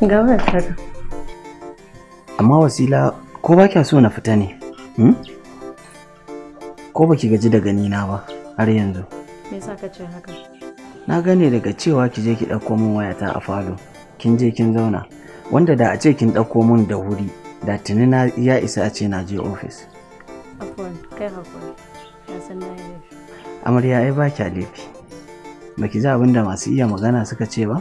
Gaba da Amma wasila ko ba kya so na fita ne? Hmm? Ko ba ki gaji da ganina ba har yanzu? Me yasa ka ce haka? Na gane daga cewa ki je ki ɗauko min wayata a falo. Kin je kin zauna. Wanda da a ce kin ɗauko min da wuri da tuni na ya isa a ce na je ofis. Amarya ai ba kya laifi. Ba ki ji abin da masu iya magana suka ce ba?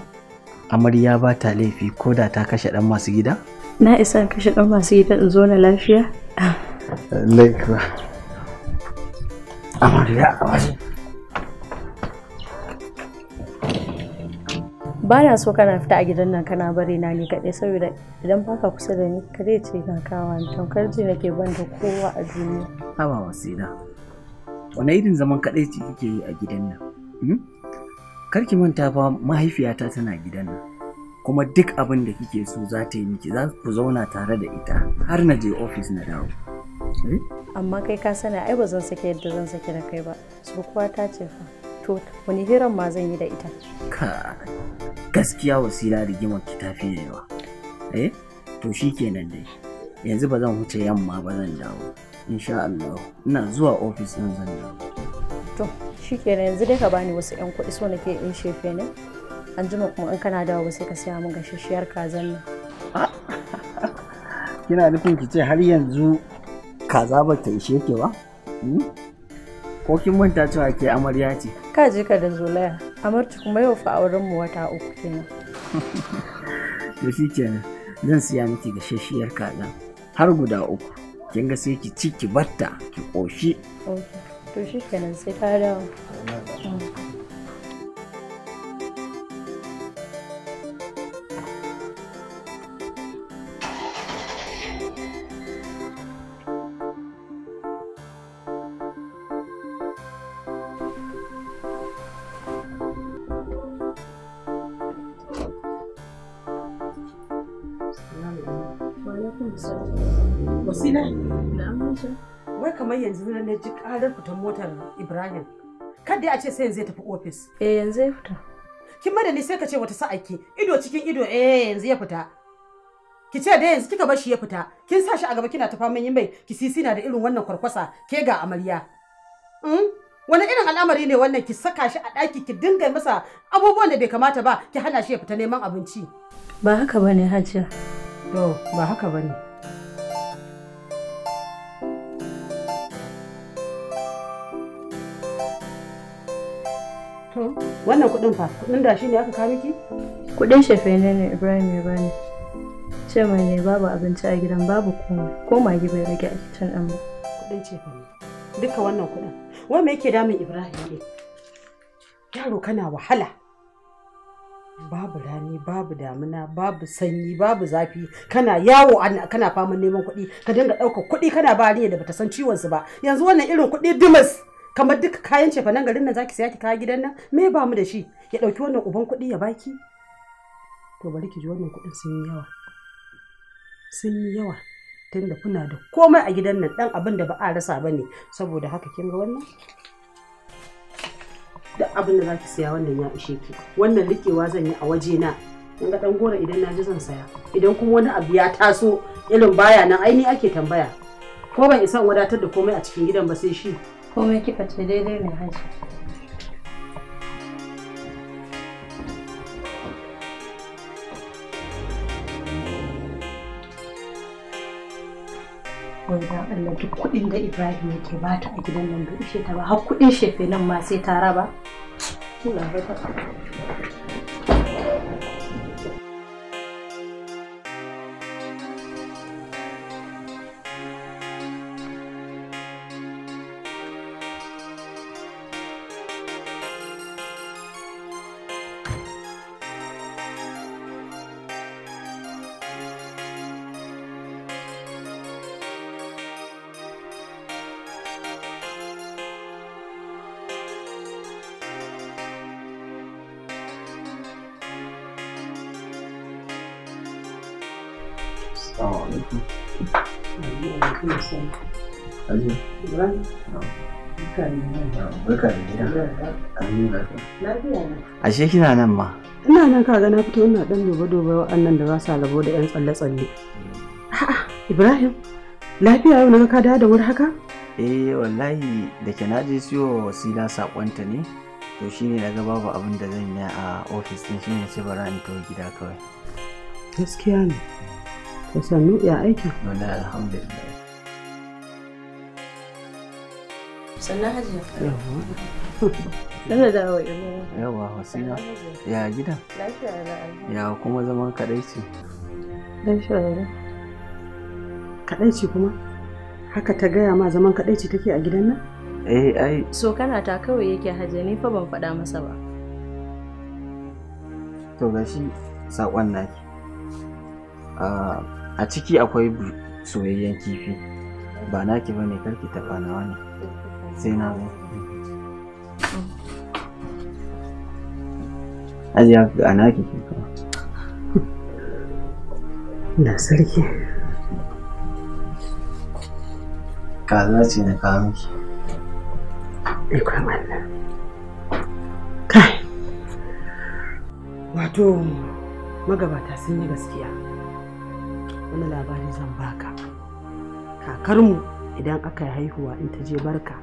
amarya ba ta laifi ko da ta kashe dan masu gida? na isa kashe dan masu gida in zo na lafiya? laikwa amarya amarya ba na so kana fita a gidan nan kana bari na ni kaɗai saboda idan baka kusa da ni kare ce na ni tamkar ji nake ban da kowa a duniya wasu wasila wani irin zaman kaɗai ce kike yi a gidan nan hmm? karki manta fa mahaifiyata tana gidan nan kuma duk abin da kike so za ta yi miki za ku zauna tare da ita har na je ofis na dawo eh? amma kai ka sani ai ba zan sake yadda zan sake da kai ba tsokuwa ta ce fa to wani hiran ma zan yi da ita ka gaskiya wasila rigimar ki ta fi yawa eh to shikenan dai yanzu ba zan huce yamma ba zan dawo insha Allah ina zuwa ofis nan zan dawo to shikenan yanzu dai ka bani wasu yan kuɗi so nake in shefe ne an jima kuma in kana dawo sai ka siya min gashishiyar kazan nan kina nufin ki ce har yanzu kaza ba ta ishe ke ba hmm? ko kin manta cewa ke amarya ce ka je ka da zolaya amarci kuma yau fa auren mu wata uku kenan to shikenan zan siya miki gashishiyar kaza har guda uku kin ga sai ki ci ki batta ki koshi okay. to shi kenan sai ka dawo tsadar fitar motar Ibrahim. Kada a ce sai yanzu ya tafi ofis. Eh yanzu ya fita. Kin mada ni sai ka ce wata sa'a ki ido cikin ido eh yanzu ya fita. Ki ce dai yanzu kika bashi ya fita. Kin sa shi a gaba kina ta faman yin bai ki sisi na da irin wannan kwarkwasa ke ga amarya. Hmm? Wani irin al'amari ne wannan ki saka shi a ɗaki ki dinga masa abubuwan da bai kamata ba ki hana shi ya fita neman abinci. Ba haka bane Hajiya. To ba haka bane. wannan kudin fa kudin da shi ne aka kawo miki kudin shafe ne ne ibrahim ya bani ce mai ne babu abinci a gidan babu komai ko magi bai rage a kicin din ba kudin cefa ne duka wannan kudin wai me yake damun ibrahim ne yaro kana wahala babu rani babu damina babu sanyi babu zafi kana yawo kana faman neman kuɗi ka dinga ɗaukar kuɗi kana bariya da bata san ciwon su ba yanzu wannan irin kuɗi dimas kamar duka kayan cefa nan garin nan zaki siya ki kaya gidan nan me ba mu da shi ya dauki wannan uban kuɗi ya baki to bari ki ji wannan kuɗin sun yi yawa sun yi yawa tunda kuna da komai a gidan nan dan abin da ba a rasa bane saboda haka kin ga wannan duk abin da zaki siya wannan ya ishe ki wannan likewa zan yi a waje na in ga dan gora idan na ji zan saya idan kuma wani abu ya taso irin baya nan aini ake tambaya ko ban isa wadatar da komai a cikin gidan ba sai shi komai kika ce daidai ne haji wanda Allah duk kuɗin da Ibrahim yake bata a gidan nan bai ishe ta ba har kuɗin shefe nan ma sai ta raba. Allah ya ashe kina nan ma ina nan kaga na fito ina dan dubo dubo wa'annan da ba sa labo da yan tsalle tsalle a'a ibrahim lafiya yau na ka dawo da wuri haka eh wallahi da ke na je siyo wasila sakonta ne to shine daga babu abin da zan yi a ofis din shine sai bara in to gida kawai gaskiya ne ka sanu ya aiki? wallahi alhamdulillah sannan hajiya yawa da yawa wasina ya gida ya kuma zaman kaɗai ce kaɗai ce kuma haka ta gaya ma zaman kaɗai ce take a gidan nan eh ai so kana ta kawai yake hajiya ni fa ban faɗa masa ba to gashi saƙon naki a ciki akwai soyayyen kifi ba naki bane karki taɓa nawa wani. sai na zo ajiya ga ana na sarki kaza ce na ka miki ikon Allah kai wato magabata sun yi gaskiya wani labarin zan baka kakarmu idan aka yi haihuwa in ta je barka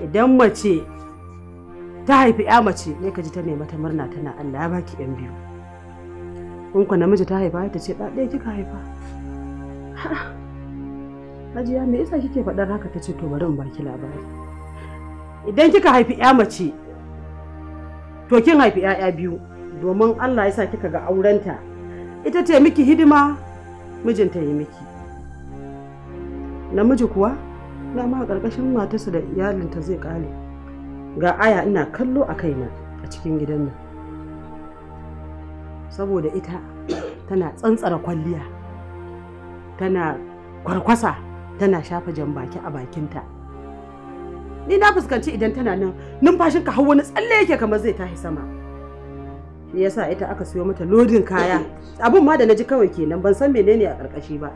idan mace ta haifi ya mace ne ka ji ta nema ta murna tana Allah ya baki yan biyu kun ku namiji ta haifa ta ce ɗaya kika haifa Hajiya me yasa kike faɗar haka ta ce to bari in baki labari idan kika haifi ya mace to kin haifi ‘ya'ya biyu domin Allah ya sa kika ga aurenta ita ce miki hidima mijinta yi miki namiji kuwa dama a ƙarƙashin matarsa da iyalinta zai ƙare ga aya ina kallo a kaina a cikin gidan nan saboda ita tana tsantsara kwalliya tana kwarkwasa tana shafa jan baki a bakinta ni na fuskanci idan tana nan ka har wani tsalle yake kamar zai tashi sama shi yasa ita aka siyo mata lodin kaya abun ma da na ji kawai kenan ban san menene a karkashi ba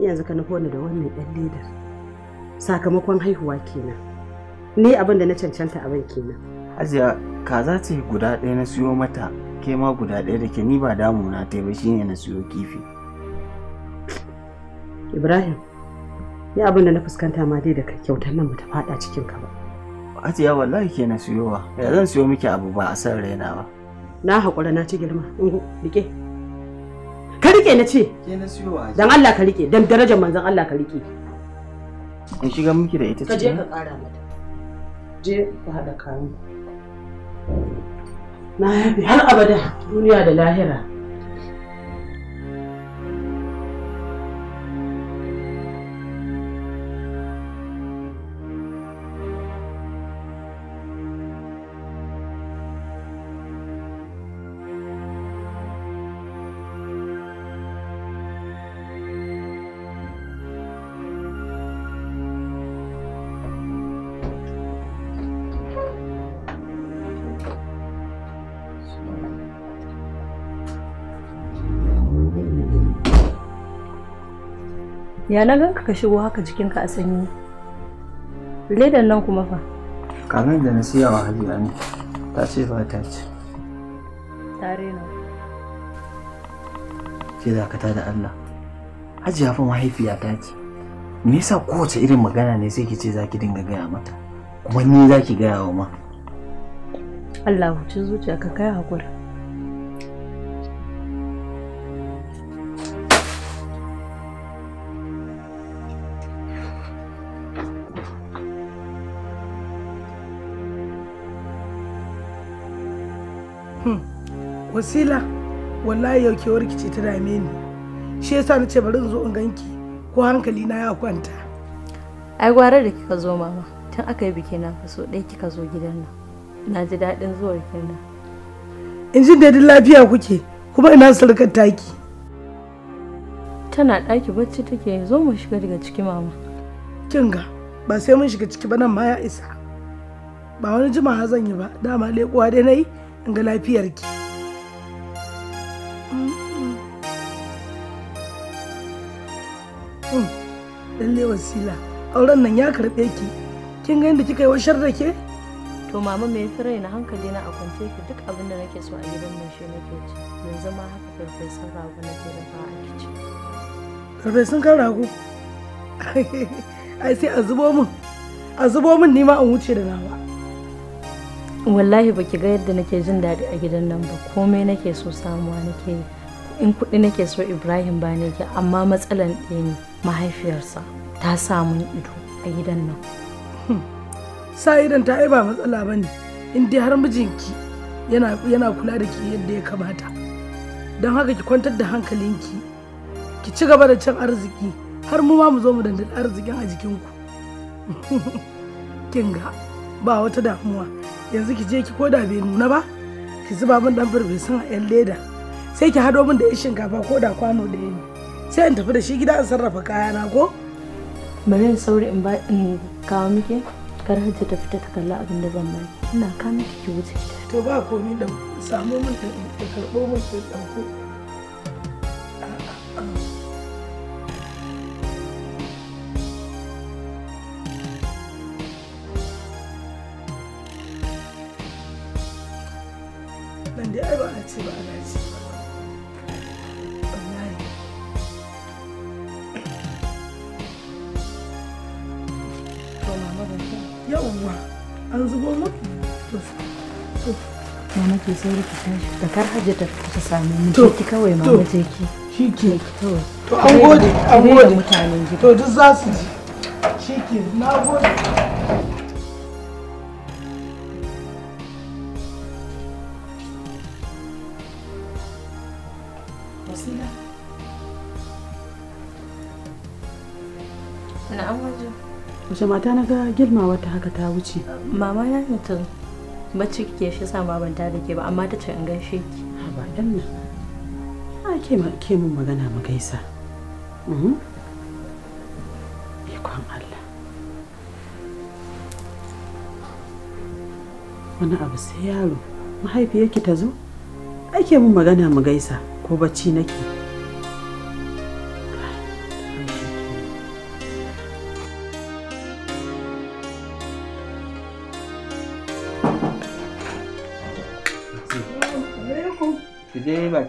yanzu ka nufo ni da wannan ɗan leda. sakamakon haihuwa kenan ni abin da na cancanta abin kenan hajiya kaza ce guda ɗaya na siyo mata ke ma guda ɗaya da ke ni ba damuna ta ba shine na siyo kifi ibrahim ni abin da na fuskanta ma dai da kyautar nan bata faɗa cikin ka ba hajiya wallahi ke na siyowa ya zan siyo miki abu ba a san raina ba na haƙura na ci girma ungo rike ka rike na ce dan Allah ka rike dan darajar manzon Allah ka rike in shiga miki da ita cikin ka kara mata je ka hada kayan na yabe har abada duniya da lahira ya na ganka ka shigo haka jikinka a sanyi ledan nan kuma fa kamar da na siya wa hajiya ne ta ce ba ta ce tare na ke dakata da Allah hajiya fa mahaifiya ta ce me yasa kowace irin magana ne sai ki ce zaki dinga gaya mata kuma ni zaki gaya wa ma Allah huci zuciya ka kai hakuri wasila wallahi yau ke ki ce ta dame ni shi yasa nace bari in zo in ganki ko hankali na ya kwanta ai gwara da kika zo mama tun aka yi biki na so ɗaya kika zo gidan nan na ji daɗin zuwa kenan in ji daidin lafiya kuke kuma ina sarkar taki tana ɗaki bacci take zo mu shiga daga ciki mama kin ba sai mun shiga ciki ba nan ma ya isa ba wani jimawa zan yi ba dama leƙuwa dai na yi in ga lafiyarki wasila auren nan ya karɓe ki kin ga yadda kika yi washar da ke to mama me fi raina hankali na a kwance ki duk abin da nake so a gidan nan shi nake ci yanzu ma haka farfesun rago na ke dafa a kici farfesun kan rago ai sai a zubo min a zubo min ni ma in wuce da nawa wallahi ba ki ga yadda nake jin daɗi a gidan nan ba komai nake so samuwa nake yi in kuɗi nake so ibrahim ba ne amma matsalan ɗaya ne mahaifiyarsa ta samun ido a gidan nan hmm. sa idan ta ai ba matsala ba ne in dai har mijinki yana kula da ke yadda ya kamata don haka ki kwantar da hankalinki ki ci gaba da cin arziki har mu ma mu zo mu dandali arzikin a jikinku kin ga ba wata damuwa yanzu ki je ki koda bai nuna ba ki zuba min dan san a yan leda sai ki hado min da yan shinkafa koda kwano da ne sai in tafi da shi gida in sarrafa kayana ko bari in sauri in kawo muke kar hajji ta fita ta kalla abin da zan baki ina kawo miki wuce to ba komai da samu mun da karbo mun da dauko da kar hajjata ta samu mu ki kawai ma mu ki shi ke to an gode an gode mutanen gida to duk za su ji shi ke na gode Wace mata na ga girma wata haka ta wuce? Mama na mutum. bacci kike shi sa ma ban da ke ba amma ta ce in gaishe ki ba dan nan a ke ma ke mun magana mu gaisa mhm. ikon Allah wani abu sai yaro mahaifiyarki ta zo ake mun magana mu gaisa ko bacci nake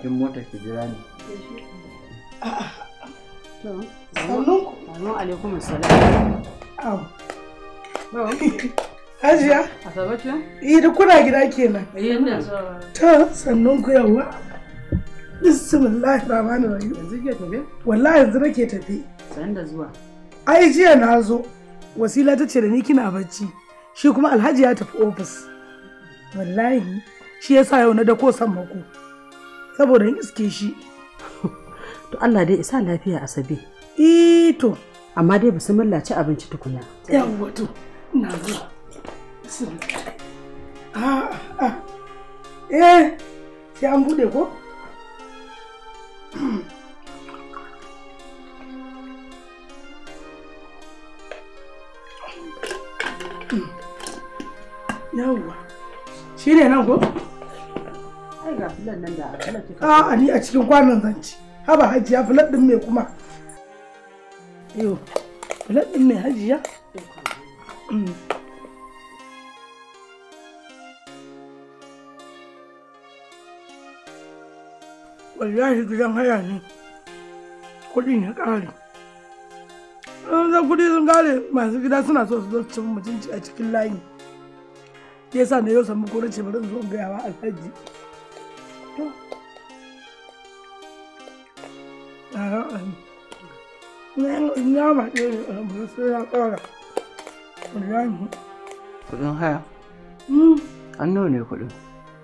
bakin mota ki jira ni sannu sannu alaikum salam hajiya asabatu eh da kuna gida kenan eh ina mm. to sannun ku yawa bismillahir rahmanir rahim yanzu ke tafi wallahi yanzu nake tafi Sai sanda zuwa ai jiya na zo wasila ta ce da ni kina bacci shi kuma alhaji ya tafi ofis wallahi shi yasa yau na dako san mako saboda in iske shi to Allah dai isa lafiya a sabi eh to amma dai su ci abinci tukuna yawwa to ina zuwa a ah, a ah. eh sai an bude ko yawwa shi ne nan ko A'a ni a cikin kwanan zan ci. Haba hajiya filat ɗin mai kuma. Yo, filat ɗin mai hajiya? Mm. Wallahi gidan haya ne. Kuɗi na ƙare. Zan kuɗi sun gane masu gida suna so su zo cin mutunci a cikin layi. Yasa na yau samu ko na ce bari in zo gaya wa alhaji. Kudin haya? An nawa ne kudin?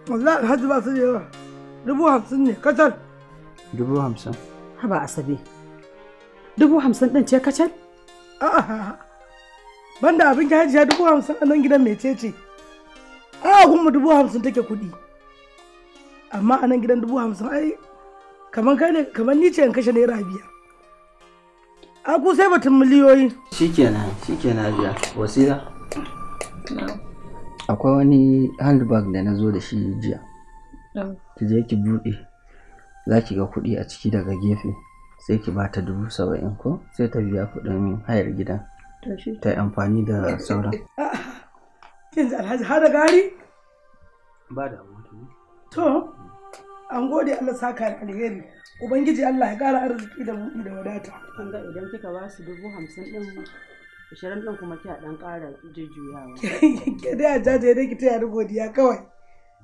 Wallahi alhaji ba su da yawa. Dubu hamsin ne kacal. Dubu hamsin? Haba Asabe. Dubu hamsin ɗin ce kacal? A'a. Banda abin ka hajiya dubu hamsin a nan gidan mecece. A'a kuma dubu hamsin take kuɗi. Amma a nan gidan dubu hamsin ai kamar kai ni ce in kashe naira biyar a ku sai batun miliyoyi shikenan shikenan biya wasila akwai wani handbag da na zo da shi jiya ki je ki buɗe za ki ga kuɗi a ciki daga gefe sai ki ba ta dubu saba'in ko sai ta biya kuɗin hayar gidan ta yi amfani da sauran ah, ah. har da gari ba da to an gode Allah saka da alheri ubangiji Allah ya kara arziki da mu da wadata an ga idan kika ba su dubu hamsin din ashirin din kuma kya dan kara jujjuyawa ke da jaje dai ki taya ni godiya kawai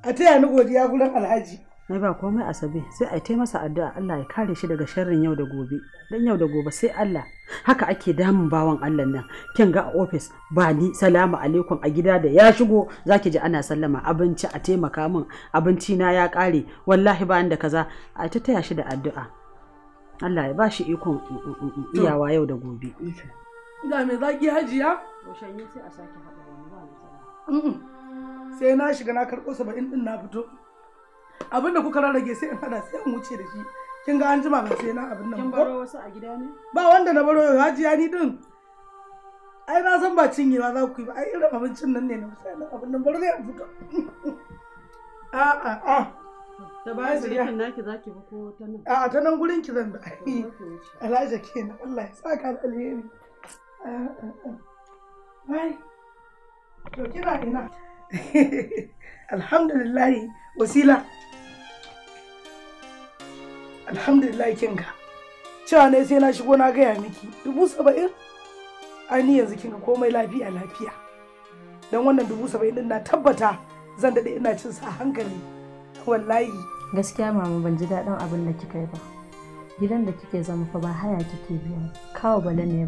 a taya ni godiya gurin alhaji na ba komai asabe sai a masa addu'a Allah ya kare shi daga sharrin yau da gobe dan yau da gobe sai Allah haka ake damun bawan Allah nan kin ga a office ba ni salamu alaikum a gida da ya shigo zaki ji ana sallama abinci a taimaka min abinci na ya kare wallahi ba da kaza a ta taya shi da addu'a Allah ya ba shi ikon mm, mm, mm, iyawa yau da gobe da me zaki hajiya sai a sake haɗa sai na shiga na karɓo saba'in din na fito abin da kuka rarrage sai in hada sai in wuce da shi kin ga an jima ban sai na abin nan kin baro wasu a gida ne ba wanda na baro hajiya ni din ai na san ba ba za ku yi ba ai irin abincin nan ne na misali abin nan baro zai a fuka a a a ta baya sirikin naki zaki bi ko ta nan a ta nan gurin ki zan da alhaji kenan Allah ya saka da alheri a a a to kira ina alhamdulillahi wasila alhamdulillahi kinga cewa ne sai na shigo na gaya miki dubu saba'in ni yanzu kinga komai lafiya lafiya don wannan dubu saba'in din na tabbata zan daɗe ina cin sa hankali wallahi gaskiya mama ban ji daɗin abin da kika yi ba gidan da kike zama fa ba haya kike biya kawo bala ne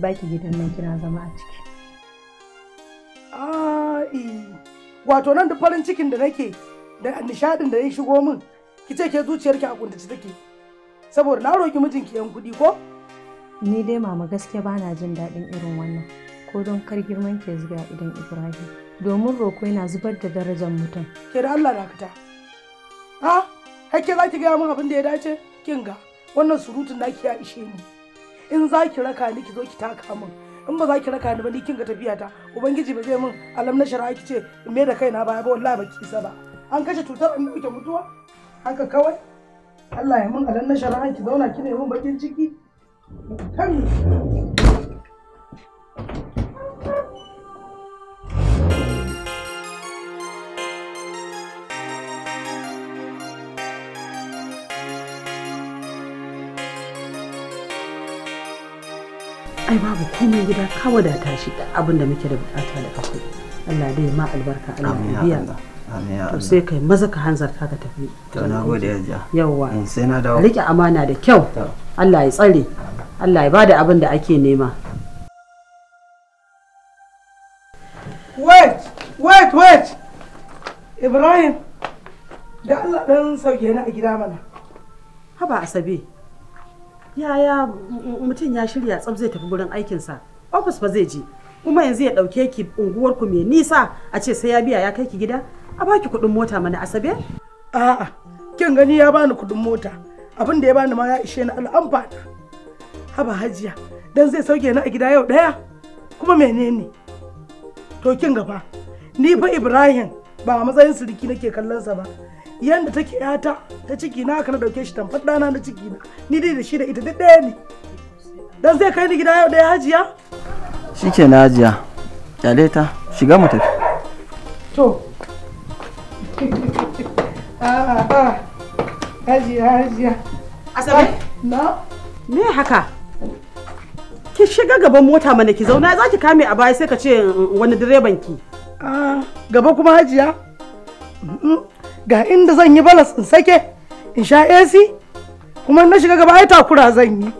ba ki gidan nan kina zama a ciki ah wato nan da farin cikin da nake da nishadin da ya shigo min ki ce ke zuciyarki a kuntace take saboda na roki mijinki yan kuɗi ko ni dai mama gaske ba na jin daɗin irin wannan ko don kar girman ke zuga idan ibrahim domin roko yana zubar da darajar mutum ke da allah na fita ha hakke za ki gaya min abin da ya dace kin ga wannan surutun da naki ya ishe ni in za ki raka ni ki zo ki taka min in ba za ki raka ni ba ni kin ga tafiya ta ubangiji ba zai min alam na shari'a ki ce in me da kaina baya ba wallahi ba ki isa ba an kashe cutar in muke mutuwa haka kawai Allah ya mun alam na shari'a ki zauna kina yi mun bakin ciki kan ai babu komai gida ka wadata shi da abin da muke da bukata da akwai Allah dai ma albarka Allah ya biya to sai kai maza ka hanzarta ka tafi to na gode yajja yawa mm, sai na dawo rike amana da kyau Allah ya tsare Allah ya bada abin da ake nema wait wait wait Ibrahim da Allah dan sauke ni a gida mana haba asabe yaya mutum ya shirya tsab zai tafi gurin aikinsa ofis ba zai je kuma yanzu ya ɗauke ki unguwar ku mai nisa a ce sai ya biya ya kai ki gida a baki kuɗin mota mana asabe a'a kin gani ya bani kuɗin mota abin da ya bani ma ya ishe ni al'amfana haba hajiya dan zai sauke ni a gida yau ɗaya kuma menene to kin gaba ni fa ibrahim ba a matsayin siriki nake kallon sa ba yanda take yata ta ciki na haka na dauke shi tamfar dana na ciki na ni dai da shi da ita duk ɗaya ne dan zai kai ni gida yau ɗaya hajiya shike na hajiya kyale ta shiga mu tafi to ah, ah. hajiya hajiya asabe na me haka ki shiga gaban mota mana ki zauna za ki kame a baya sai ka ce mm, mm, wani direban ki ah. gaba kuma hajiya mm, ga inda zan yi balas in sake in sha ac kuma na shiga gaba ai takura zan yi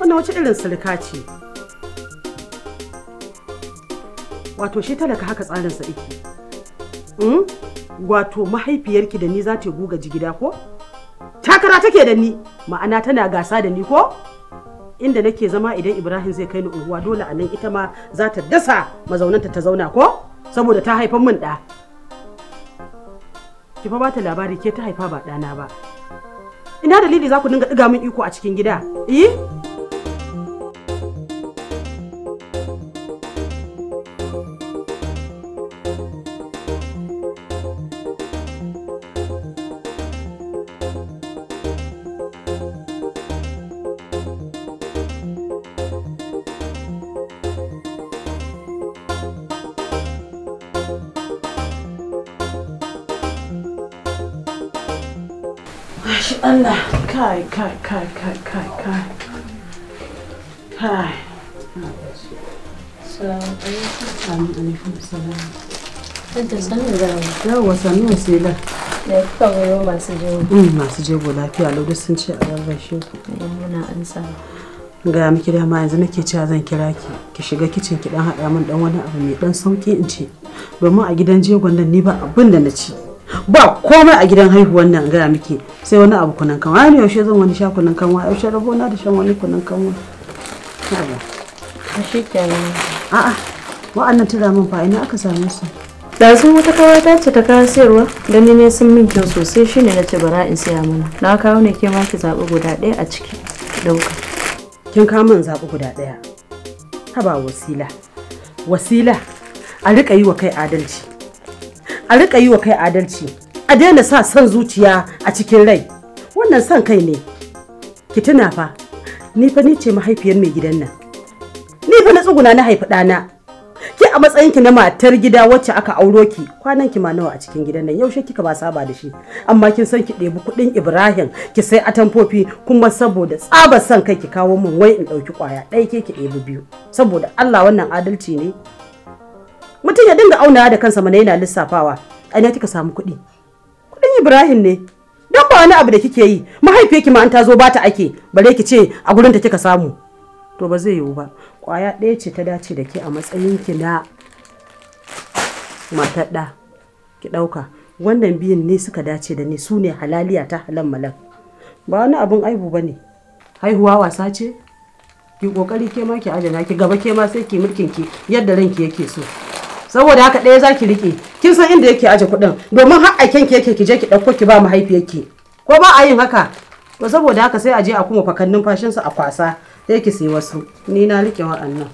wannan wace irin sulka ce wato shi talaka haka tsarinsa yake hmm? wato mahaifiyarki da ni za ta guga jigida ko takara take da ni ma'ana tana gasa da ni ko inda nake zama idan ibrahim zai kai ni unguwa dole a nan ita ma za ta dasa mazaunanta ta zauna ko saboda ta haifan min ɗa ki fa bata labari ke ta haifa ba ɗana ba ina dalili za ku dinga ɗiga min iko a cikin gida eh Allah kai kai kai kai kai kai kai Assalamu alaikum. Assalamu alaikum. wasila. Da kika mm, masu jego. lafiya lauda sun ce a rarrashe ku. Muna an Ga miki dama yanzu nake cewa zan kira ki. Ki shiga kicin ki dan haɗa min dan wani abu mai dan sauki in ce. Domin a gidan jegon nan ni ba abin da na ci. Ba komai a gidan haihuwan nan ga muke. sai wani abu kunan kanwa ai yaushe zan wani sha kunan kanwa yaushe rabo na da shan wani kunan kanwa a shi kenan a'a wa'annan tura min fa ina aka same su ɗazun wata kawata ce ta kawo sayarwa Don ne sun min kyau sosai shine na ce bara in saya mana na kawo ne ke ma ki zaɓi guda ɗaya a ciki ɗauka kin kawo min zaɓi guda ɗaya ba wasila wasila a riƙa yi wa kai adalci a riƙa yi wa kai adalci a daina sa son zuciya a cikin rai wannan son kai ne ki tuna fa ni fa ni ce mahaifiyar mai gidan nan ni fa na tsuguna na haifi ɗana ki a matsayin ki na matar gida wacce aka auro ki kwanan ki ma nawa a cikin gidan nan yaushe kika ba saba da shi amma kin san ki ɗebi kuɗin Ibrahim ki sai atamfofi kuma saboda tsabar son kai ki kawo min wai in ɗauki kwaya ɗaya ke ki ɗebi biyu saboda Allah wannan adalci ne mutum ya dinga aunawa da kansa mana yana lissafawa a ina kika samu kuɗi ɗan Ibrahim ne. Dan ba wani abu da kike yi, mahaifiyarki ma an ta zo ba ta ake, bare ki ce a gurin ta kika samu. To ba zai yiwu ba. Kwaya ɗaya ce ta dace da ke a matsayinki na matar da Ki ɗauka. Wannan biyun ne suka dace da ni su ne halaliya ta halan malam. Ba wani abun aibu ba ne. Haihuwa wasa ce? Ki kokari ke ma ki adana ki gaba ke ma sai ki mulkin ki yadda ranki yake so. saboda haka ɗaya zaki rike kin san inda yake aje kuɗin domin har a ki yake ki je ki ɗauko ki ba mahaifiyarki ko ba a yin haka to saboda haka sai a je a kuma fakannin fashin su a kwasa sai ki sai wasu ni na rike wa'annan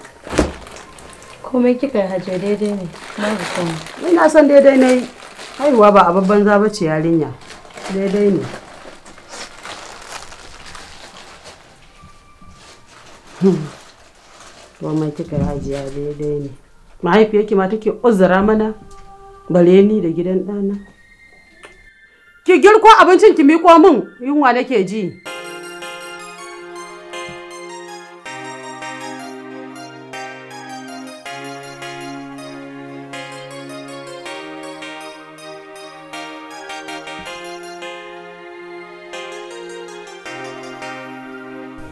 komai kika haje daidai ne babu komai ina san daidai ne haihuwa ba a babban zaba ce yarinya daidai ne hmm. komai kika hajiya daidai ne mahaifiyarki ma take uzura mana baleni da gidan ɗana. Ki girko abincin ki miƙo min yunwa nake ji.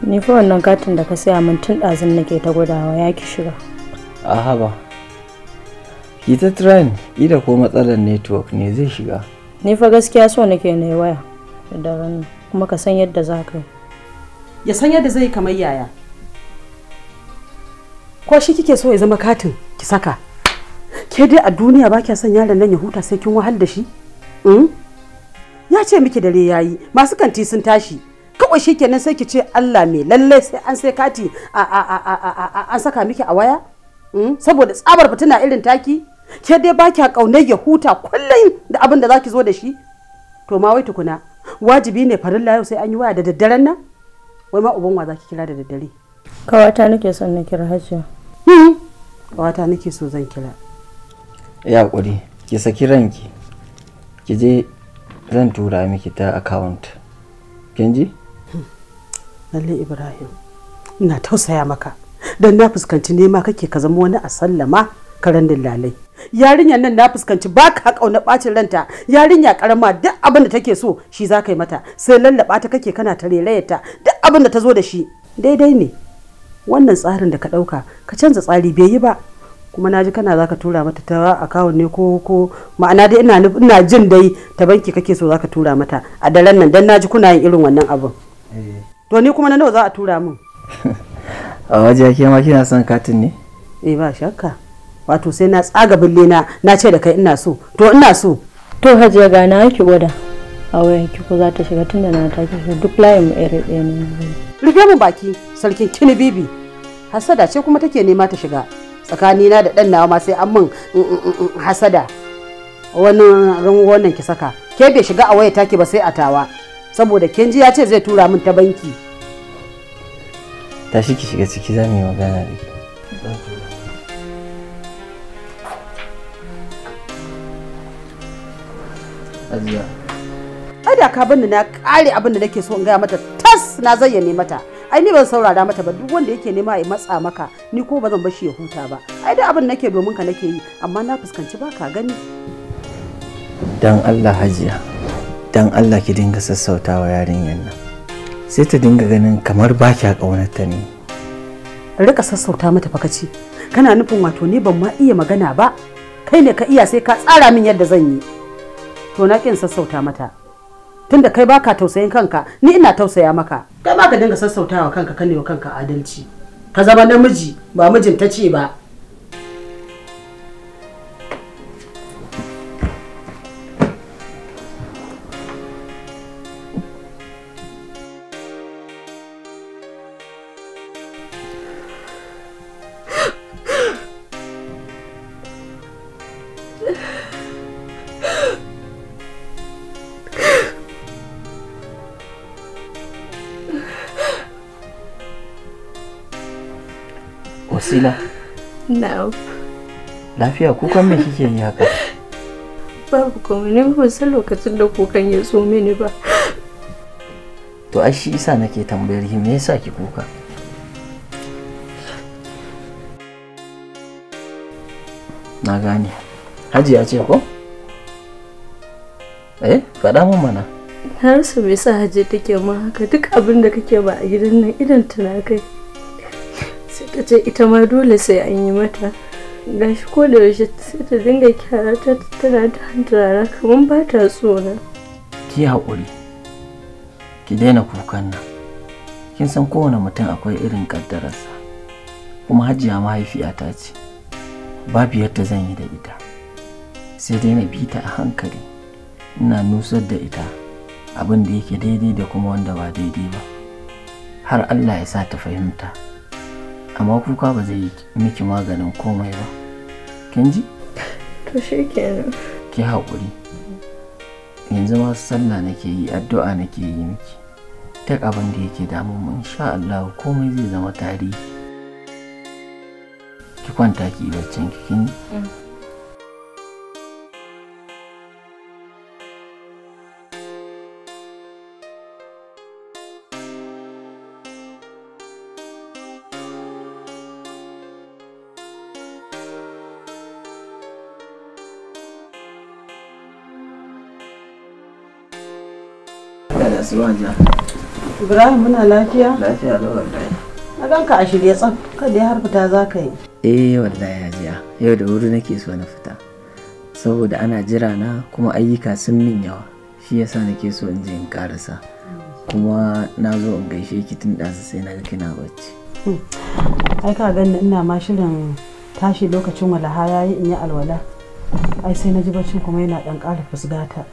Ni fa wannan katin da ka saya mun tun ɗazun nake ta gudawa ya ki shiga. a haba. ita train ida ko matsalar network ne zai shiga ni fa gaskiya so nake ne waya da daren kuma ka san yadda za ka ya san yadda zai kamar yaya ko shi kike so ya zama katin ki saka ke dai a duniya ba kya son yaron nan ya huta sai kin wahal da shi hmm? ya ce miki dare yayi masu kanti sun tashi kawai kenan sai ki ce Allah mai lalle sai an sai kati a-a-a an saka miki a waya hmm? saboda tsabar fitina irin taki ke dai baki a ƙaunar ya huta kullum da abin da za ki zo da shi to ma wai tukuna wajibi ne farin layo sai an yi waya da daddaren nan wai ma uban wa za ki kira da daddare kawata nake son na kira hajiya kawata hmm, nake so zan kira ya eh, kuri ki saki ranki ki je zan tura miki ta account kin ji hmm. lalle ibrahim ina tausaya maka don na fuskanci nema kake ka zama wani a sallama karen dillalai yarinyar nan na fuskanci ba ka kauna bacin ranta yarinya karama duk abin da take so shi za ka yi mata sai lallaba ta kake kana ta relayarta duk abin da ta zo da shi daidai ne wannan tsarin da ka ɗauka ka canza tsari bai yi ba kuma na kana za ka tura mata ta akawun ne ko ko ma'ana dai ina ina jin dai ta banki kake so za ka tura mata a daren nan dan naji ji kuna yin irin wannan abin eh. to ni kuma na nawa za a tura min a waje ke ma kina son katin ne eh ba shakka wato sai na tsaga bille na na ce da kai ina so to ina so to hajiya ga na ki gwada a wayan ki ko za ta shiga tunda na ta ki duk layin mu ere ɗaya ne rufe mu baki sarkin kini bibi hasada ce kuma take nema ta shiga tsakanina da ɗan nawa ma sai an min mm, mm, mm, hasada wani wannan ki saka ke bai shiga a waya take ba sai a tawa saboda kenji ya ce zai tura min ta banki tashi ki shiga ciki za mu yi magana da ke Hajiya. Ai da ka bani na kare abin da nake so in gaya mata tas na zayyane mata. Ai ni ban saurara mata ba duk wanda yake nema ya matsa maka ni ko ba zan shi ya huta ba. Ai da abin nake domin ka nake yi amma na fuskanci ba ka gani. Dan Allah Hajiya. Dan Allah ki dinga sassautawa yarinyar nan. Sai ta dinga ganin kamar ba kya ƙaunarta ne. Rika sassauta mata fakaci. Kana nufin wato ne ban ma iya magana ba. Kai ne ka iya sai ka tsara min yadda zan yi. to na kin sassauta mata tunda kai baka tausayin kanka ni ina tausaya maka kai baka dinga sassautawa kanka kanewa kanka adalci ka zama namiji ba mijin ta ce ba lafiya kukan me kike yi haka babu komai ne ban san lokacin da kukan ya zo mini ba to ai shi isa nake tambayar ki me yasa ki kuka na gane ya ce ko eh faɗa mun mana na rasa me yasa haji take ma haka duk abin da kake ba a gidan nan idan tana kai sai ta ce ita ma dole sai an yi mata gashi ko da yaushe sai ta dinga kyara ta tana ta hantarara kamar ba ta tsona ki haƙuri ki daina kukan nan kin san kowane mutum akwai irin ƙaddararsa kuma hajiya mahaifiyata ce babu yadda zan yi da ita sai dai na bi ta a hankali ina nusar da ita abin da yake daidai da kuma wanda ba daidai ba har allah ya sa ta fahimta amma kuka ba zai yi miki maganin komai ba kin ji to shi kenan ki haƙuri yanzu masu sallah nake yi addu'a nake yi miki duk abin da yake damun mu insha Allah komai zai zama tarihi ki kwanta ki yi baccin kin Zuwa Ibrahim muna lafiya? Lafiya da wallahi. Na ganka a shirye tsaf, kada har fita za ka yi. Eh wallahi jiya, yau da wuri nake so na fita. Saboda ana jira na kuma ayyuka sun min yawa. Shi yasa nake so in je in karasa. Kuma na zo in gaishe ki tun ɗazu sai na ga kina bacci. Hmm. Ai ka gani ina ma shirin tashi lokacin walaha yayi in yi alwala. Ai sai na ji baccin kuma yana ɗan ƙara fusgata.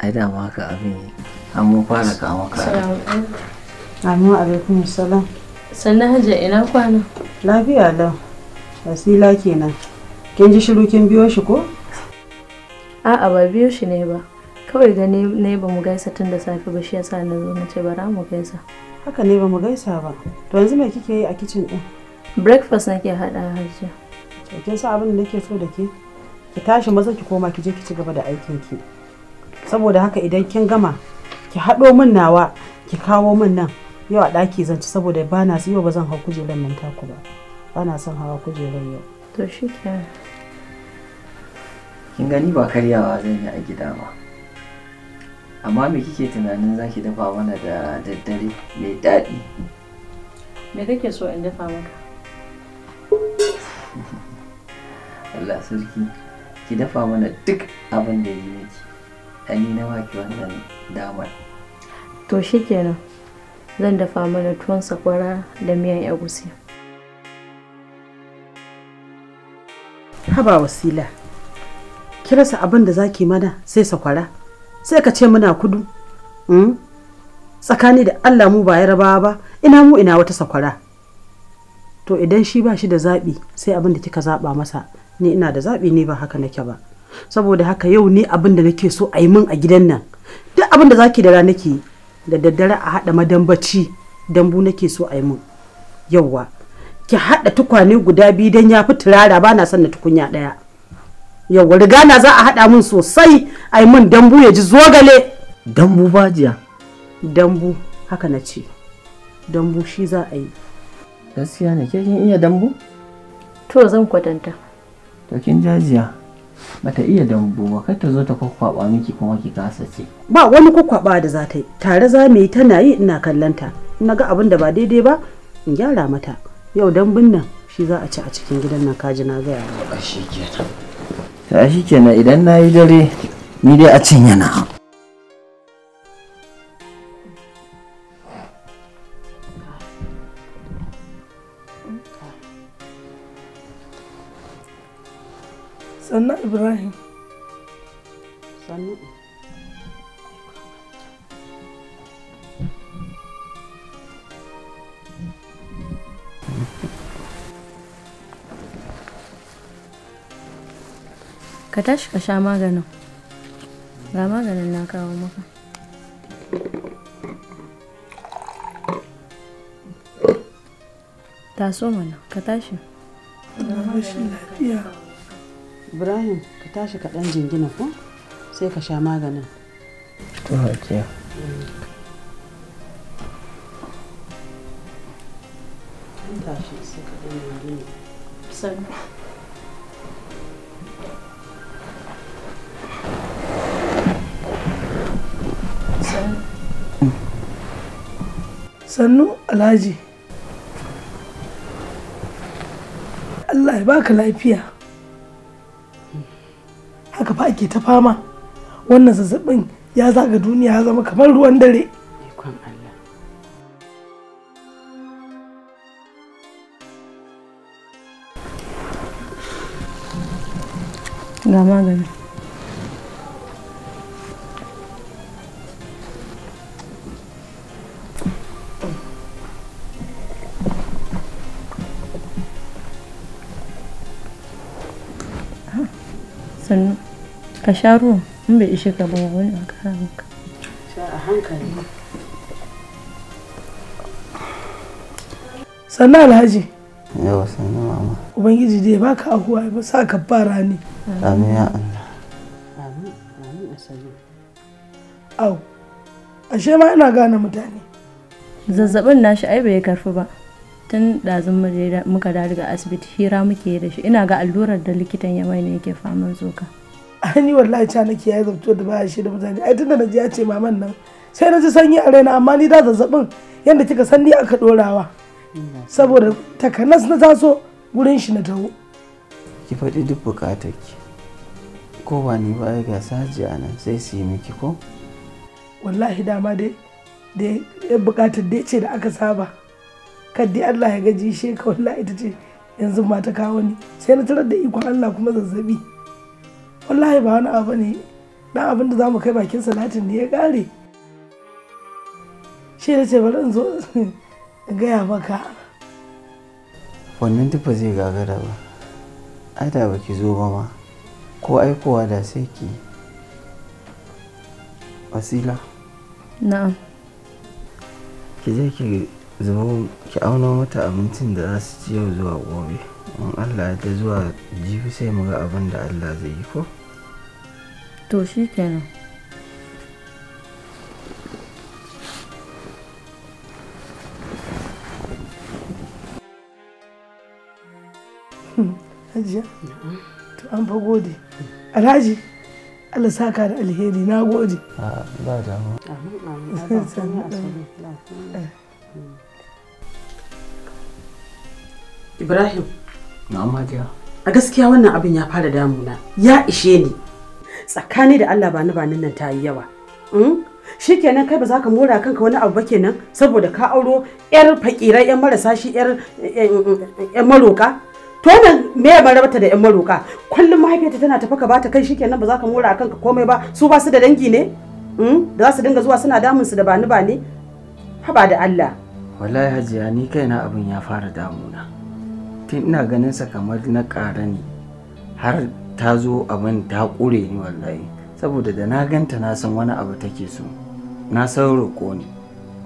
Ai dama haka abin yi. amma fara ka maka alaikum salam sannan hajja ina kwana lafiya lau wasila kenan kin ji shiru kin biyo shi ko a'a ba biyo shi ne ba kawai gani ne ba mu gaisa tun da safe ba shi yasa na zo na ce bara mu gaisa haka ne ba mu gaisa ba to yanzu me kike yi a kitchen din breakfast nake hada hajja kin san abin da nake so da ke ki tashi maza ki koma ki je ki ci gaba da aikin ki saboda haka idan kin gama ki haɗo min nawa ki kawo min nan yau a ɗaki zan ci saboda ba na yau ba zan hau kujerar nan taku ba ba na son hawa kujerar yau to shi kin gani ba karyawa zan yi a gida ba amma me kike tunanin zaki dafa mana da daddare mai daɗi me kake so in dafa maka Allah sarki ki dafa mana duk abin da yi miki Ani na wake wannan damar. To shi kenan Zan dafa mana tuwon sakwara da miyan egusi. Haba wasila. Ki rasa abin da zaki mana sai sakwara. Sai ka ce muna kudu. Hmm? Tsakani da Allah mu ba yarabawa ba, ina mu ina wata sakwara. To idan shi ba shi da zaɓi sai abin da kika zaɓa masa, ni ina da zaɓi ne ba haka nake ba. saboda haka yau ni abin da nake so a yi min a gidan nan duk abin da zaki dara nake da daddare a haɗa madambaci dambu nake so a yi min yauwa ki haɗa tukwane guda biyu don ya fi turara ba na son na tukunya ɗaya yauwa riga na za a haɗa min sosai a yi min dambu ya ji zogale dambu bajiya dambu haka na ce dambu shi za a yi gaskiya ne ke kin iya dambu to zan kwatanta to kin jajiya bata iya dambu ba kai ta zo ta kwakwaba miki kuma ki kasa ce ba wani kwakwaba da za ta yi tare za mu yi tana yi ina kallon ta na ga abin da ba daidai ba in gyara mata yau dambun nan shi za a ci a cikin gidan nan kaji na gaya ba shi kenan ta shi kenan idan nayi dare ni dai a cin yana sannan ibrahim sannan ka tashi ka sha maganin ga maganin na kawo maka taso mana ka tashi na rashin lafiya ibrahim ka tashi ka ɗan jingina ko sai ka sha maganin sannu alhaji Allah ya baka lafiya fa ake ta fama wannan zazzabin ya zaga duniya ya zama kamar ruwan dare ga magani ah, sannu ka sha ruwan in bai ishe ka ba wani a kara maka sannan alhaji yawa sannan mama ubangiji dai baka ahuwa ba sa ka fara ne amin ya allah amin au ashe ma ina gane mutane zazzabin nashi ai bai karfi ba tun ɗazun muka da daga asibiti hira muke da shi ina ga allurar da likitan ya ne yake faman zoka. ni wallahi ca nake ya zabto da ba shi da mutane ai tunda na ji ya ce maman nan sai na ji sanyi a raina amma ni da zazzabin yanda kika san ni aka dorawa saboda takanas na taso gurin shi na taho ki faɗi duk buƙatar ki ko ba ni ba ga saji a nan sai su yi miki ko wallahi dama dai da bukatar dai ce da aka saba kaddi Allah ya gaji shi ka wallahi ita ce yanzu ma ta kawo ni sai na tarar da ikon Allah kuma zazzabi wallahi ba wani abu ne dan abin da za mu kai bakin salatin ne ya ƙare shi ne ce bari in zo in gaya maka wannan duk ba zai gagara ba ai da ba ki zo ba ma ko aikowa da sai ki wasila na'am ki je ki zubo ki auna mata abincin da za su ci yau zuwa gobe in allah ya zuwa jifi sai mu ga abin da allah zai yi ko to shi kenan hmm, hajiya to an fa gode alhaji allah saka da alheri na gode a ba da eh. hmm. ibrahim A gaskiya wannan abin ya fara damuna. Ya ishe ni. Tsakani da Allah bani banin nan ta yi yawa. Hmm? Shikenan kai ba za ka mora kanka wani abu ba kenan saboda ka auro yar fakirai yan marasa shi yar yan maroka. To nan me ya rabata da yan maroka? Kullum mahaifiyarta tana tafi ka bata kai shikenan ba za ka mora kanka komai ba su ba su da dangi ne? Hmm? Da za su dinga zuwa suna damun su da bani bani? Haba da Allah. Wallahi Hajiya ni kaina abin ya fara damuna. tun ina ganin sa kamar na ƙara ne har ta zo abin ta ƙure ni wallahi saboda da na ganta na san wani abu take so na san roƙo ne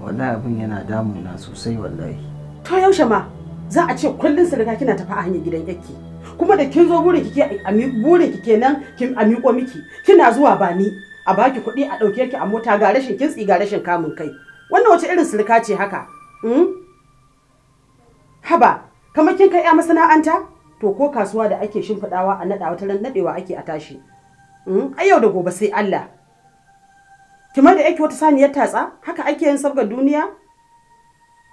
wallahi abin yana damuna sosai wallahi to yaushe ma za a ce kullun sadaka kina tafi a hanyar gidan yake kuma da kin zo burin kike a burin kike nan kin a miki kina zuwa ba ni a baki kuɗi a ɗauke ki a mota ga rashin kintsi ga rashin kamun kai wannan wace irin sulka ce haka hmm? haba kamar kin kai ya masana'anta to ko kasuwa da ake shimfiɗawa a naɗa wata ran naɗewa ake a tashi hmm? ai yau da gobe sai Allah kima da yake wata saniyar tatsa haka ake yin sabga duniya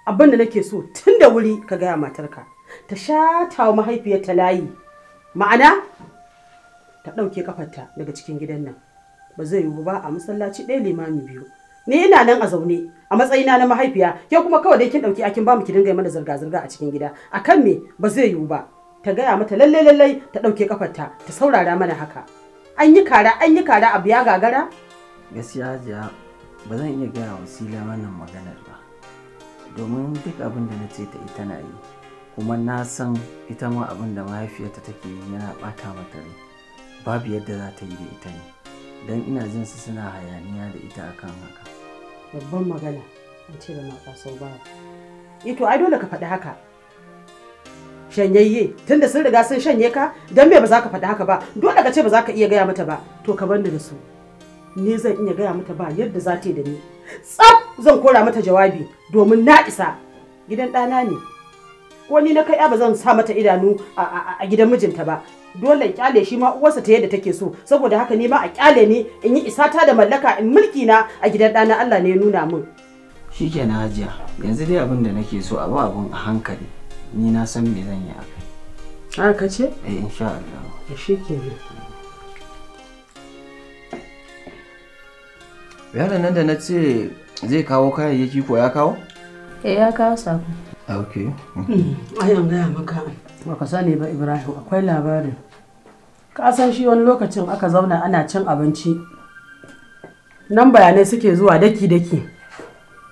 abin da nake so tun da wuri ka gaya matarka ta shata wa mahaifiyar ta layi ma'ana ta ɗauke kafarta daga cikin gidan nan ba zai yiwu ba a masallaci ɗaya limami biyu ni ina nan a zaune a matsayina na mahaifiya ke kuma kawai dai kin dauki akin mu ki dinga mana zirga zirga a cikin gida akan me ba zai yiwu ba ta gaya mata lalle lalle ta dauke kafarta ta saurara mana haka an yi kara an yi kara abu ya gagara gaskiya hajiya ba zan iya gaya wasila wannan maganar ba domin duk abin da na ce ta ita na yi kuma na san ita ma abin da mahaifiyarta take yi yana bata mata rai babu yadda za ta yi da ita ne don ina jin su suna hayaniya da ita akan haka babban magana an ce da maka sau ba ito eh ai dole ka faɗi haka shanyayye tunda sun riga sun shanye ka don me ba za ka faɗi haka ba dole ka ce ba za ka iya gaya mata ba to ka bar ni da su ni zan iya gaya mata ba yadda za ta yi da ni tsaf zan kora mata jawabi domin na isa gidan ɗana ne ko ni na kai ba zan sa mata idanu a gidan mijinta ba dole kyale shi ma uwarsa ta yadda take so saboda haka ni ma a kyale ni in yi isata da mallaka in mulki na a gidan ɗana Allah ne ya nuna min shikenan hajiya yanzu dai abin da nake so a ba abun a hankali ni na san me zan yi a kai ka ce eh insha Allah shikenan yaron nan da na ce zai kawo kayayyaki ko ya kawo eh ya kawo sako. Ah, ok hmm, ai gaya maka baka sani ba ibrahim akwai labarin kasan shi wani lokacin aka zauna ana cin abinci nan bayanai suke zuwa daki-daki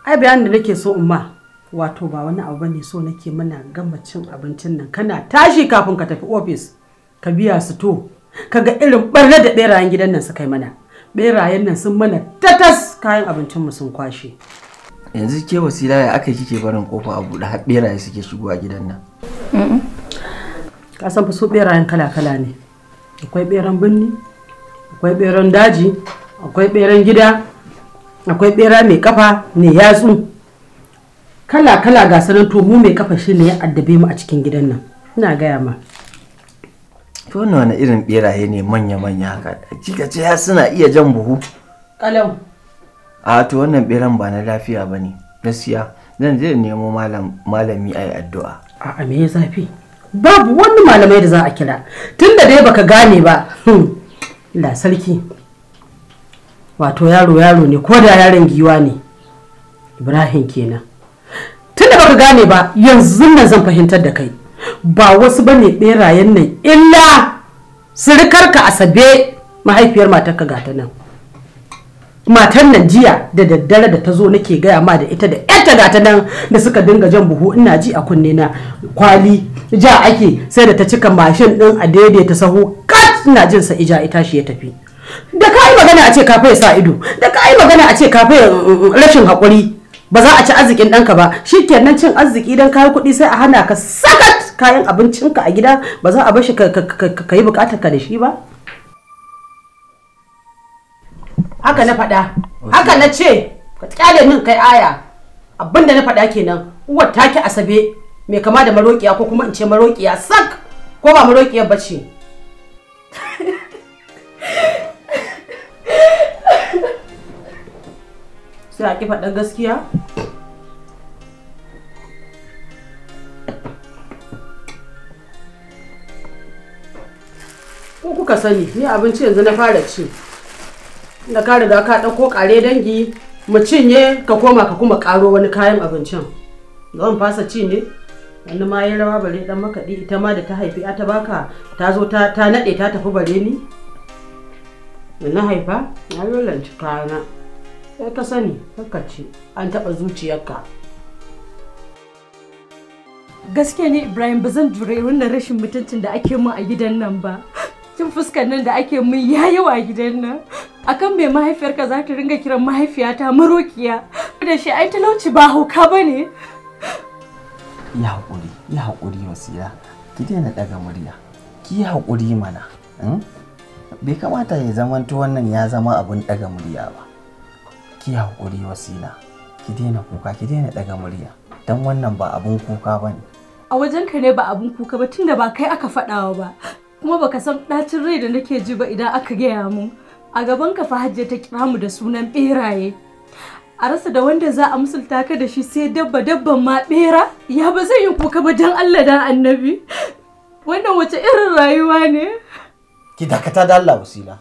ai bayanin da nake so umma wato ba wani abu bane so nake mana gama cin abincin nan kana tashi kafin ka tafi ofis ka biya su to kaga irin barna da berayen gidan nan suka yi mana berayen nan sun mana tatas kayan abincin mu sun kwashe yanzu ke wasila ya aka kike barin kofa a buɗe har beraye suke shigowa gidan nan ka san su berayen kala-kala ne akwai beran birni akwai beran daji akwai beran gida akwai bera mai kafa mai yatsu kala-kala ga sanar mu mai kafa shi ne ya addabe mu a cikin gidan nan ina gaya ma to wani irin beraye ne manya-manya haka kika ce suna iya jan buhu kalau a to wannan beran ba na lafiya ba ne gaskiya zan je nemo malami a yi addu'a a me ya zafi babu wani malamai da za a kira tun da dai baka gane ba la hmm, sarki wato yaro yaro ne ko da yaron giwa ne ibrahim kenan tun da baka gane ba yanzu nan zan fahimtar da kai ba wasu ba ne ɓerayen nan illa sirikarka a sabe mahaifiyar matarka gata nan matar nan jiya da daddare da ta zo nake gaya ma da ita da yanta gata nan da suka dinga jan buhu ina ji a kunne na kwali ja ake sai da ta cika mashin din a daidaita sahu kat ina jin sa ija ita shi ya tafi da ka yi magana a ce ka ya sa ido da ka yi magana a ce ka mm, mm, mm, rashin haƙuri ba za a ci arzikin ɗanka ba shi kenan cin arziki dan kayi kuɗi sai a hana ka sakat kayan abincinka a gida ba za a bar shi ka yi bukatar ka da shi ba haka na faɗa haka na ce ka kyale min kai aya abin da na faɗa kenan uwar take asabe mai kama da maroƙiya ko kuma in ce maroƙiya sak ko ba maroƙiyar ba ce sai a gaskiya ko kuka sani ni abinci yanzu na fara ci da ka riga ka ɗauko kare dangi mu cinye ka koma ka kuma karo wani kayan abincin zan fasa ci ne wani ma ya rawa bare dan makaɗi ita ma da ta haifi ta baka ta zo ta naɗe ta tafi bare ni na haifa na yolanci kayana sai ka sani kakka ce an taɓa zuciyarka gaskiya ne ibrahim bazan zan jure wannan rashin mutuncin da ake mu a gidan nan ba Cin fuskan nan da ake mun ya wa gidan nan. Akan mai mahaifiyarka za ta ringa kiran mahaifiyata marokiya. Da shi ai talauci ba hauka ba ne. Yi haƙuri, yi haƙuri wasila. Ki daina ɗaga murya. Ki yi haƙuri mana. Hmm? Bai kamata ya zamanto wannan ya zama abun ɗaga murya ba. Ki yi haƙuri wasila. Ki daina kuka, ki daina ɗaga murya. Don wannan ba abun kuka ba ne. A wajenka ne ba abun kuka ba tunda ba kai aka faɗawa ba. kuma baka san ɗacin rai da nake ji ba idan aka gaya mu, a gaban ka fa hajjiya ta kira mu da sunan beraye a rasa da wanda za a musulta ka da shi sai dabba dabban ma bera ya ba zai yi kuka ba dan Allah dan annabi wannan wace irin rayuwa ne ki dakata da Allah wasila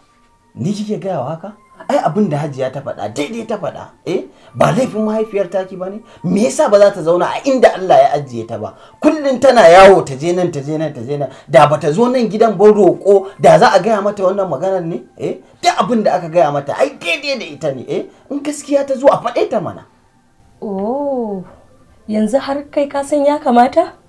ni kike gaya wa haka ai abin da hajiya ta faɗa daidai ta faɗa eh ba laifin mahaifiyar taki ba ne me yasa ba za ta zauna a inda Allah ya ajiye ta ba kullum tana yawo ta je nan ta je nan ta je nan da ba ta zo nan gidan ban roƙo da za a gaya mata wannan maganar ne eh duk abin da aka gaya mata ai daidai da ita ne eh in gaskiya ta zo a faɗe ta mana oh yanzu har kai ka san ya kamata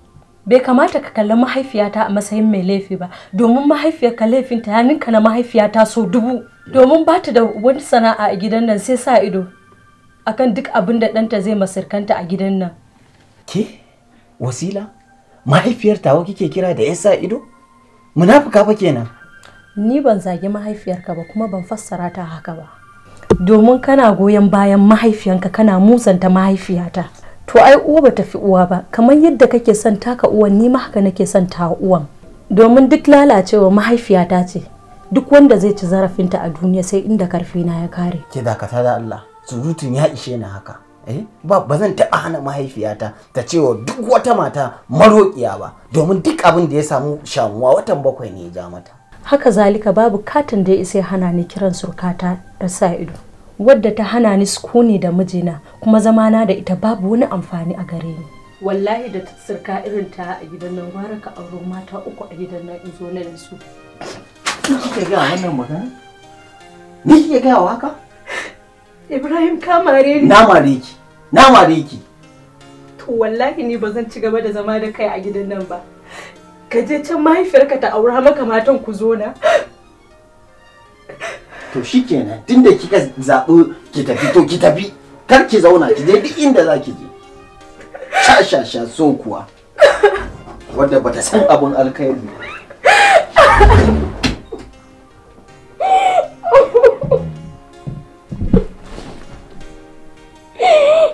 bai kamata ka kalli mahaifiyata a matsayin mai laifi ba domin mahaifiyar mahaifiyarka laifinta ya ninka na mahaifiyata sau dubu domin ba ta da wani sana'a a gidan nan sai sa ido akan duk abin da ɗanta zai masirkanta a gidan nan ke wasila mahaifiyar tawa kike kira da yasa ido munafuka fa kenan ni ban zagi mahaifiyarka ba kuma ban fassara ta haka ba domin kana goyon bayan mahaifiyanka kana musanta mahaifiyata to ai uwa ba tafi uwa ba kamar yadda kake son taka uwan ni ma haka nake son ta uwan domin duk lalacewa mahaifiyata ce duk wanda zai ci zarafinta a duniya sai inda karfi na ya kare ke dakata da Allah surutun ya ishe ni haka eh ba ba zan taɓa hana mahaifiyata ta cewa duk wata mata maroƙiya ba domin duk abin da ya samu shamuwa watan bakwai ne ya ja mata haka zalika babu katin da ya isa hana ni kiran surkata da sa ido wadda ta hana ni sukuni da mijina kuma zamana da ita babu wani amfani a gare ni wallahi da sirka irin ta a gidan nan gwara ka auro mata uku a gidan nan in zo na da su kike ga wannan magana ni kike ga waka? Ibrahim ka mare ni na mare ki na mare ki to wallahi ni ba zan ci gaba da zama da kai a gidan nan ba ka je can mahaifiyarka ta aura maka matan ku zo na to kenan tunda kika zaɓi ki tafi to ki tafi kar ki zauna ki je duk inda zaki ki je sha sha sha so kuwa wadda bata san abun alkhairi ba